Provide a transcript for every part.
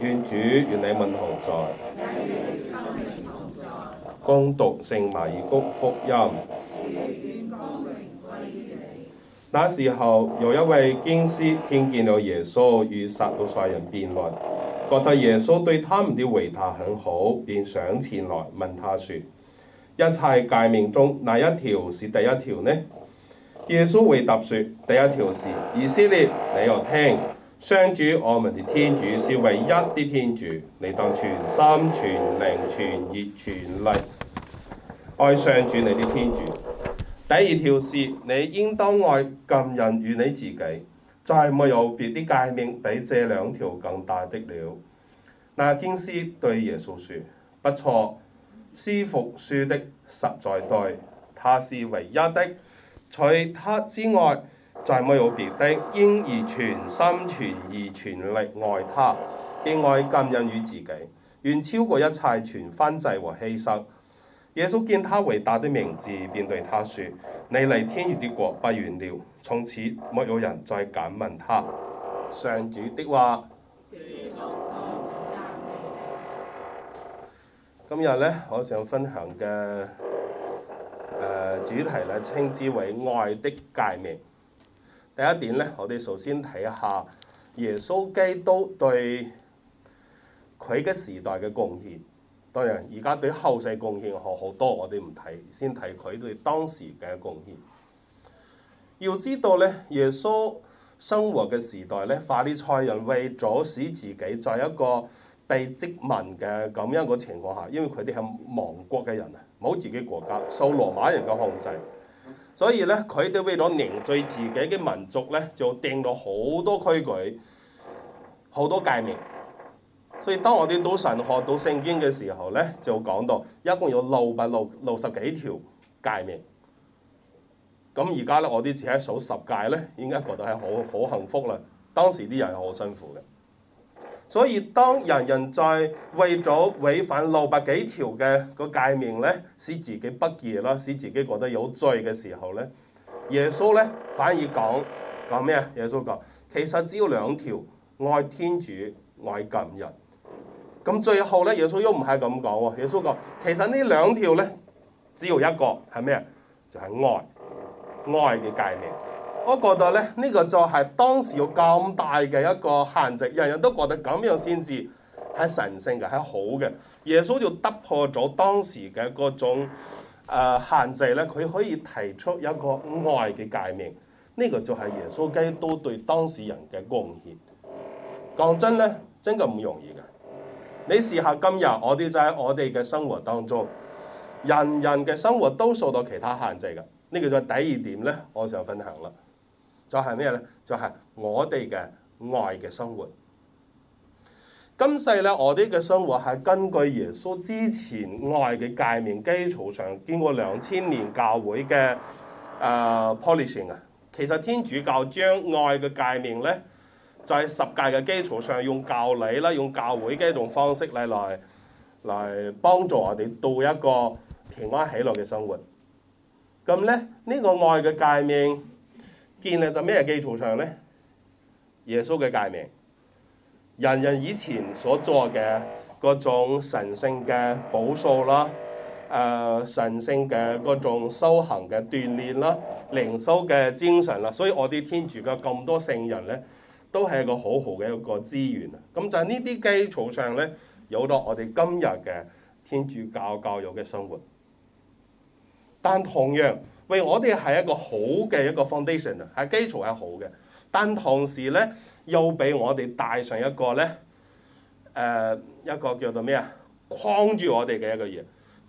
願主與你們同在，恭讀聖馬爾谷福音。那時候有一位經師聽見了耶穌與撒都塞人辯論，覺得耶穌對他們的回答很好，便上前來問他說：一切誡命中哪一條是第一條呢？耶穌回答說：第一條是，以色列你又聽。上主，我們哋天主是唯一啲天主，你當全心全靈全意全力愛上主，你啲天主。第二條是你應當愛近人與你自己，再冇有別啲誡命比這兩條更大的了。那經師對耶穌説：不錯，師傅説的實在對，他是唯一的，除他之外。再冇有別的，應以全心、全意、全力愛他，並愛感恩於自己，願超過一切全燔祭和犧牲。耶穌見他回答的名字，便對他說：你離天主的國不遠了。從此，沒有人再敢問他。上主的話。今日呢，我想分享嘅、呃、主題呢，稱之為愛的誡命。第一點咧，我哋首先睇下耶穌基督對佢嘅時代嘅貢獻。當然，而家對後世貢獻好好多，我哋唔睇，先睇佢對當時嘅貢獻。要知道咧，耶穌生活嘅時代咧，法利賽人為咗使自己在一個被殖民嘅咁樣嘅情況下，因為佢哋係亡國嘅人啊，冇自己國家，受羅馬人嘅控制。所以咧，佢哋為咗凝聚自己嘅民族咧，就訂咗好多規矩，好多誡命。所以當我哋都神學到聖經嘅時候咧，就講到一共有六百六六十幾條誡命。咁而家咧，我哋只係數十誡咧，應該覺得係好好幸福啦。當時啲人好辛苦嘅。所以當人人在為咗違反六百幾條嘅個界面咧，使自己不義啦，使自己覺得有罪嘅時候咧，耶穌咧反而講講咩啊？耶穌講其實只要兩條，愛天主愛近人。咁最後咧，耶穌都唔係咁講喎。耶穌講其實呢兩條咧，只要一個係咩啊？就係、係、愛，愛嘅界面。我覺得咧，呢個就係當時有咁大嘅一個限制，人人都覺得咁樣先至係神聖嘅，係好嘅。耶穌要突破咗當時嘅嗰種、呃、限制咧，佢可以提出一個愛嘅界面。呢個就係耶穌基督對當時人嘅貢獻。講真咧，真嘅唔容易嘅。你試下今日我哋就喺我哋嘅生活當中，人人嘅生活都受到其他限制嘅。呢個就係第二點咧，我想分享啦。就係咩咧？就係我哋嘅愛嘅生活。今世咧，我哋嘅生活係根據耶穌之前愛嘅誡命基礎上，經過兩千年教會嘅誒 polishing 啊。其實天主教將愛嘅誡命咧，就係十誡嘅基礎上，用教理啦，用教會嘅一種方式嚟嚟嚟幫助我哋度一個平安喜樂嘅生活。咁咧，呢個愛嘅誡命。建立就咩基礎上咧？耶穌嘅誡命，人人以前所作嘅嗰種神聖嘅補贖啦，誒、呃、神聖嘅嗰種修行嘅鍛鍊啦，靈修嘅精神啦，所以我哋天主教咁多聖人咧，都係一個好好嘅一個資源啊！咁就喺呢啲基礎上咧，有咗我哋今日嘅天主教教友嘅生活，但同樣。喂，為我哋係一個好嘅一個 foundation 啊，係基礎係好嘅，但同時咧又俾我哋帶上一個咧，誒、呃、一個叫做咩啊？框住我哋嘅一個嘢。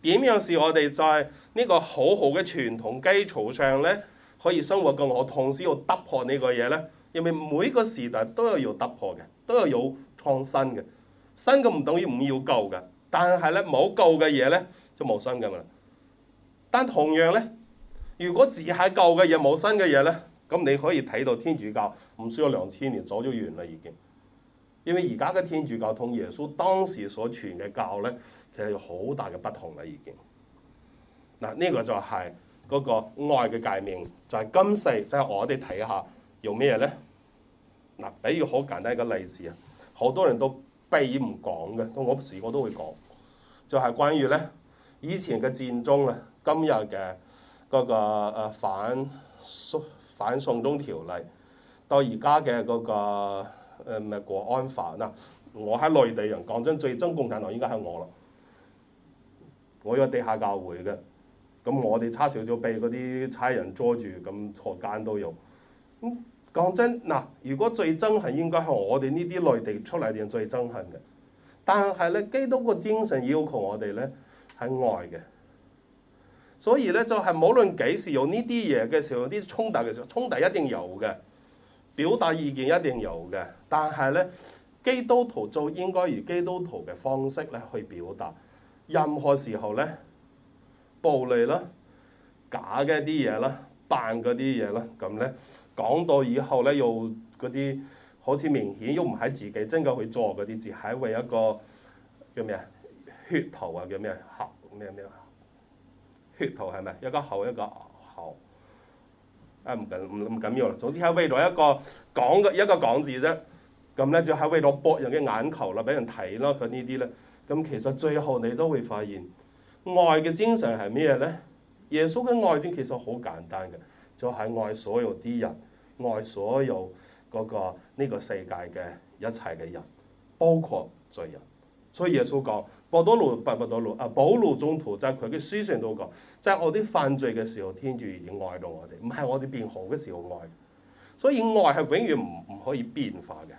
點樣是我哋在呢個好好嘅傳統基礎上咧，可以生活更好，同時要突破呢個嘢咧？因為每個時代都有要突破嘅，都有要創新嘅。新嘅唔等於唔要舊噶，但係咧冇舊嘅嘢咧就冇新嘅啦。但同樣咧。如果只係舊嘅嘢冇新嘅嘢咧，咁你可以睇到天主教唔需要兩千年早就完啦，已經。因為而家嘅天主教同耶穌當時所傳嘅教咧，其實有好大嘅不同啦，已經。嗱、啊，呢、這個就係嗰個愛嘅誡命。就係、是、今世，即、就、係、是、我哋睇下用咩咧？嗱、啊，比如好簡單一個例子啊，好多人都避唔講嘅，但我試過都會講，就係、是、關於咧以前嘅戰中啊，今日嘅。嗰個反送反送中條例，到而家嘅嗰個誒唔、呃、國安法嗱、呃，我喺內地人講真最憎共產黨，應該係我啦，我有地下教會嘅，咁我哋差少少被嗰啲差人捉住，咁坐監都要。咁講真嗱、呃，如果最憎恨應該係我哋呢啲內地出嚟嘅人最憎恨嘅，但係咧基督個精神要求我哋咧係愛嘅。所以咧就係無論幾時有呢啲嘢嘅時候，啲衝突嘅時候，衝突一定有嘅，表達意見一定有嘅。但係咧，基督徒就應該以基督徒嘅方式咧去表達。任何時候咧，暴力啦、假嘅啲嘢啦、扮嗰啲嘢啦，咁咧講到以後咧，要嗰啲好似明顯喐唔喺自己真嘅去做嗰啲字，係為一個叫咩啊？血頭啊，叫咩啊？嚇咩咩啊？撇係咪一個口一個口？啊唔、哎、緊唔唔緊要啦，總之係為咗一,一個講嘅一個講字啫。咁咧就係為咗博人嘅眼球啦，俾人睇囉。佢呢啲咧，咁其實最後你都會發現，愛嘅精神係咩咧？耶穌嘅愛精其實好簡單嘅，就係、是、愛所有啲人，愛所有嗰、那個呢、這個世界嘅一切嘅人，包括罪人。所以耶穌講，伯多祿、伯伯多祿啊，保羅宗徒就係佢嘅書上都講，就係我啲犯罪嘅時候，天主已經愛到我哋，唔係我哋變好嘅時候愛。所以愛係永遠唔唔可以變化嘅。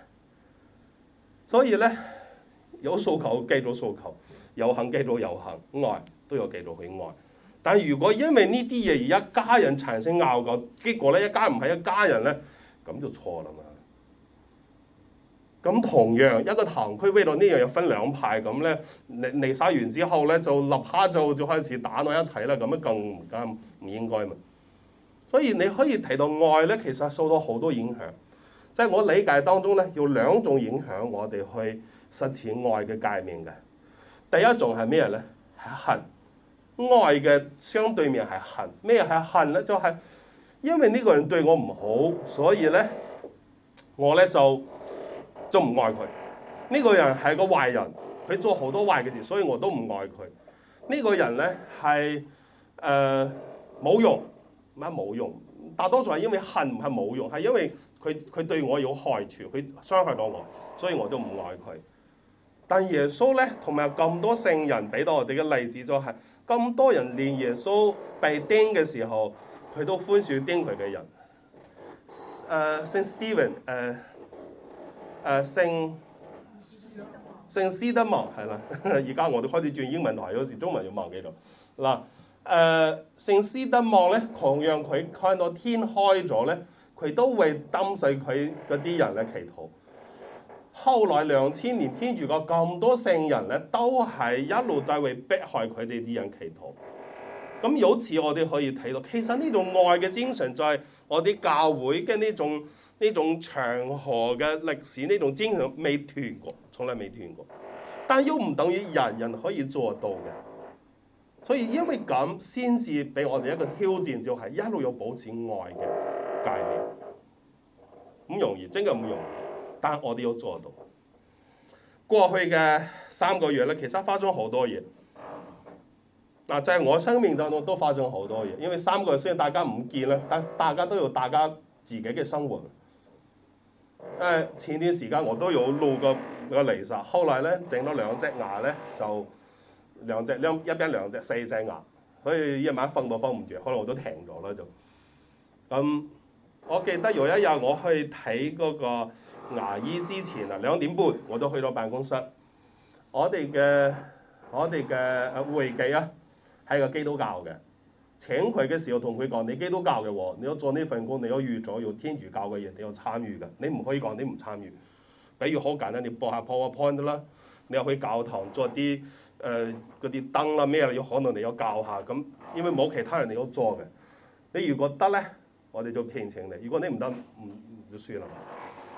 所以咧，有訴求繼續訴求，有幸繼續有幸，愛都有繼續去愛。但如果因為呢啲嘢而一家人產生拗架，結果咧一家人唔係一家人咧，咁就錯啦嘛。咁同樣一個堂區威到呢樣又分兩派咁咧，彌撒完之後咧就立刻就就開始打攞一齊啦，咁樣更加唔應該嘛。所以你可以提到愛咧，其實受到好多影響。即係我理解當中咧，有兩種影響我哋去實踐愛嘅界面嘅。第一種係咩咧？係恨。愛嘅相對面係恨。咩係恨咧？就係因為呢個人對我唔好，所以咧我咧就。都唔愛佢，呢、這個人係個壞人，佢做好多壞嘅事，所以我都唔愛佢。呢、這個人咧係誒冇用，乜冇用？大多數係因為恨唔係冇用，係因為佢佢對我有害處，佢傷害到我，所以我都唔愛佢。但耶穌咧同埋咁多聖人俾到我哋嘅例子就係、是，咁多人連耶穌被釘嘅時候，佢都寬恕釘佢嘅人。誒，聖 Stephen 誒。誒、呃，聖聖斯德望，係、嗯、啦，而家我哋開始轉英文台，有時中文要忘記咗。嗱，誒，聖斯德望咧，同樣佢看到天開咗咧，佢都為當時佢嗰啲人嘅祈禱。後來兩千年天主教咁多聖人咧，都係一路都為迫害佢哋啲人的祈禱。咁由此我哋可以睇到，其實呢種愛嘅精神就係我哋教會嘅呢種。呢種長河嘅歷史，呢種精神未斷過，從來未斷過。但又唔等於人人可以做到嘅。所以因為咁，先至俾我哋一個挑戰，就係一路有保持愛嘅概念。唔容易，真係唔容易，但係我哋要做到。過去嘅三個月咧，其實花咗好多嘢。嗱，就係我生命當中都花咗好多嘢，因為三個月雖然大家唔見啦，但大家都有大家自己嘅生活。誒，前段時間我都有露過個嚟曬，後來咧整咗兩隻牙咧，就兩隻兩一邊兩隻四隻牙，所以一晚瞓都瞓唔住，可能我都停咗啦就。咁、嗯、我記得有一日我去睇嗰個牙醫之前啊，兩點半我都去到辦公室，我哋嘅我哋嘅會計啊，係個基督教嘅。請佢嘅時候同佢講：你基督教嘅喎，你要做呢份工，你要預咗要天主教嘅嘢，你要參與嘅，你唔可以講你唔參與。比如好簡單，你播下 PowerPoint 啦，你又去教堂做啲誒嗰啲燈啦咩，有、呃啊、可能你要教下咁，因為冇其他人你到做嘅。你如果得咧，我哋就聘請你；如果你唔得，唔就算啦。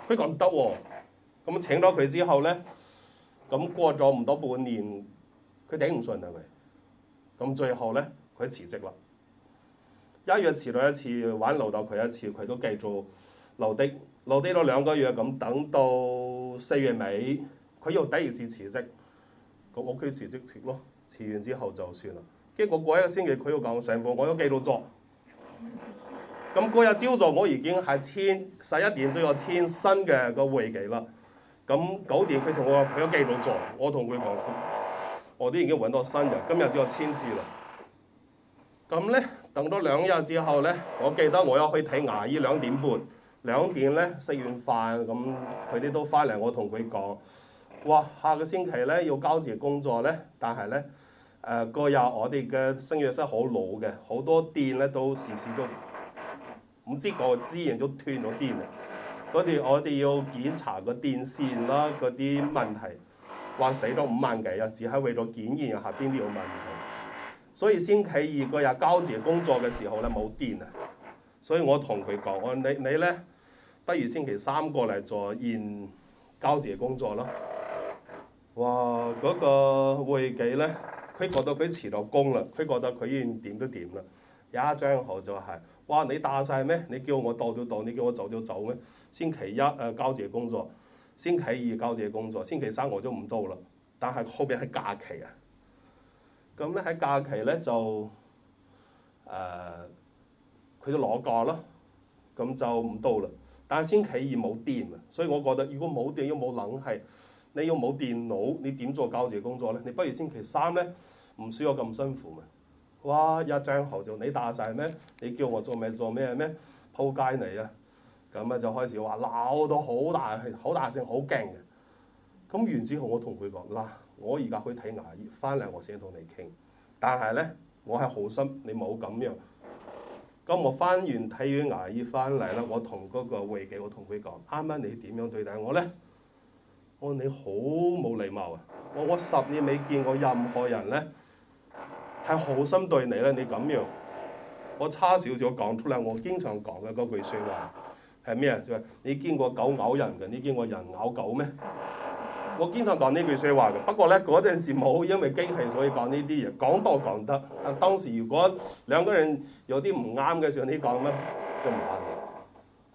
佢講得喎，咁請咗佢之後咧，咁過咗唔到半年，佢頂唔順啦佢，咁最後咧佢辭職啦。一月辭咗一次，玩留豆佢一次，佢都繼續留低，留低咗兩個月咁，等到四月尾，佢又第二次辭職，咁 OK 辭職辭咯，辭完之後就算啦。結果過一個星期，佢又講、那個、上課，我都繼續做。咁嗰日朝早，我已經係簽十一點鐘又簽新嘅個會紀啦。咁九點佢同我佢都繼續做，我同佢講，我哋已經揾到新人，今日只有簽字啦。咁咧？等咗兩日之後咧，我記得我又去睇牙醫兩點半。兩點咧食完飯，咁佢哋都翻嚟，我同佢講：，哇，下個星期咧要交接工作咧。但係咧，誒、呃、嗰日我哋嘅生藥室好老嘅，好多電咧都時時都唔知個資源都斷咗電啊！所以我哋我哋要檢查個電線啦，嗰啲問題，話死咗五萬幾啊！只係為咗檢驗下邊啲有問題。所以星期二個日交接工作嘅時候咧冇癲啊！所以我同佢講：我你你咧，不如星期三過嚟做完交接工作咯。哇！嗰、那個會計咧，佢覺得佢辭咗工啦，佢覺得佢已經點都掂啦。有一張號就係、是：哇！你打晒咩？你叫我到就到，你叫我走就走咩？星期一誒、呃、交接工作，星期二交接工作，星期三我都唔到啦。但係後邊係假期啊！咁咧喺假期咧就誒佢，呃、都攞假咯，咁就唔到啦。但係星期二冇電啊，所以我覺得如果冇電要冇冷氣，你要冇電腦你點做交易工作咧？你不如星期三咧唔需要咁辛苦嘛。哇！一張喉就你大晒咩？你叫我做咩做咩咩？鋪街你啊！咁啊就開始話鬧到好大，係好大聲好勁嘅。咁完之後我同佢講，嗱。我而家去睇牙醫，翻嚟我先同你傾。但係咧，我係好心，你冇咁樣。咁我翻完睇完牙醫翻嚟啦，我同嗰個會計我同佢講，啱啱你點樣對待我咧？我你好冇禮貌啊！我我十年未見過任何人咧，係好心對你咧，你咁樣，我差少少講出嚟。我經常講嘅嗰句説話係咩啊？就係你見過狗咬人嘅，你見過人咬狗咩？我經常講呢句説話嘅，不過呢嗰陣時冇，因為機器所以講呢啲嘢，講多講得。但當時如果兩個人有啲唔啱嘅時候，你講乜就唔啱。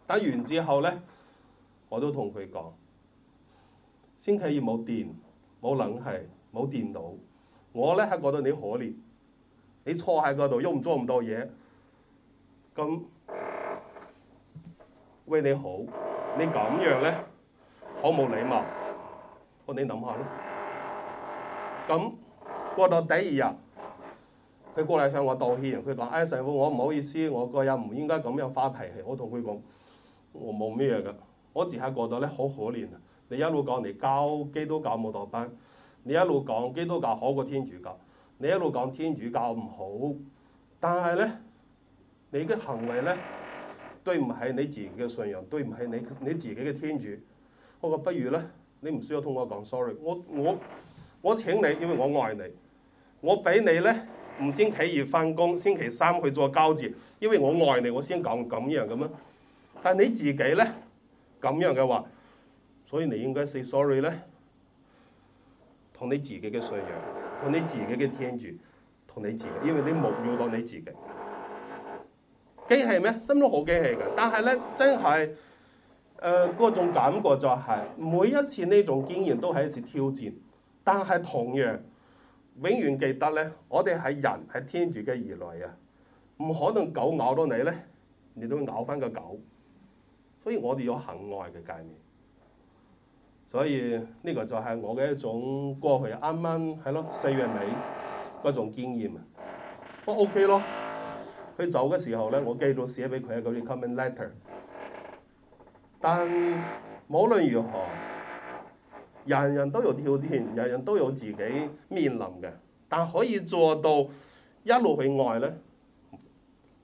打完之後呢，我都同佢講：先企業冇電，冇冷氣，冇電腦。我呢係覺得你可憐，你坐喺嗰度用咗唔多嘢。咁為你好，你咁樣呢，好冇禮貌。你諗下咯，咁過到第二日，佢過嚟向我道歉，佢講：唉、哎，神父，我唔好意思，我個人唔應該咁樣發脾氣。我同佢講，我冇咩噶，我自係覺得咧好可憐。你一路講你教基督教冇錯班，你一路講基督教好過天主教，你一路講天主教唔好，但係咧，你嘅行為咧對唔起你自己嘅信仰，對唔起你你自己嘅天主。我話不如咧。你唔需要同我講 sorry，我我我請你，因為我愛你，我俾你咧唔先星期二翻工，星期三去做交接，因為我愛你，我先講咁樣嘅咩？但係你自己咧咁樣嘅話，所以你應該 say sorry 咧，同你自己嘅信仰，同你自己嘅天主，同你自己，因為你侮辱到你自己。激氣咩？心中好激氣嘅，但係咧真係。誒嗰、呃、種感覺就係、是、每一次呢種經驗都係一次挑戰，但係同樣永遠記得咧，我哋係人係天主嘅兒女啊，唔可能狗咬到你咧，你都會咬翻個狗，所以我哋有行愛嘅誡命。所以呢個就係我嘅一種過去啱啱係咯四月尾嗰種經驗啊，都、哦、OK 咯。佢走嘅時候咧，我繼續寫俾佢一個 recommend letter。但無論如何，人人都有挑戰，人人都有自己面臨嘅。但可以做到一路去愛咧，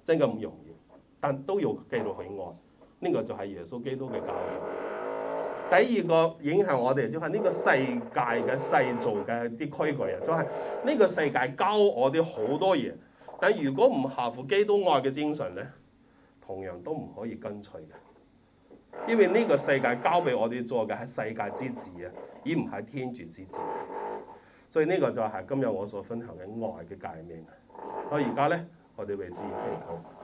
真係唔容易。但都要繼續去愛，呢、這個就係耶穌基督嘅教育。第二個影響我哋就係、是、呢個世界嘅世俗嘅啲規矩啊，就係、是、呢個世界教我哋好多嘢。但如果唔合乎基督愛嘅精神咧，同樣都唔可以跟隨嘅。因為呢個世界交俾我哋做嘅係世界之治啊，而唔係天主之治，所以呢個就係今日我所分享嘅愛嘅誡命。我而家咧，我哋為之祈禱。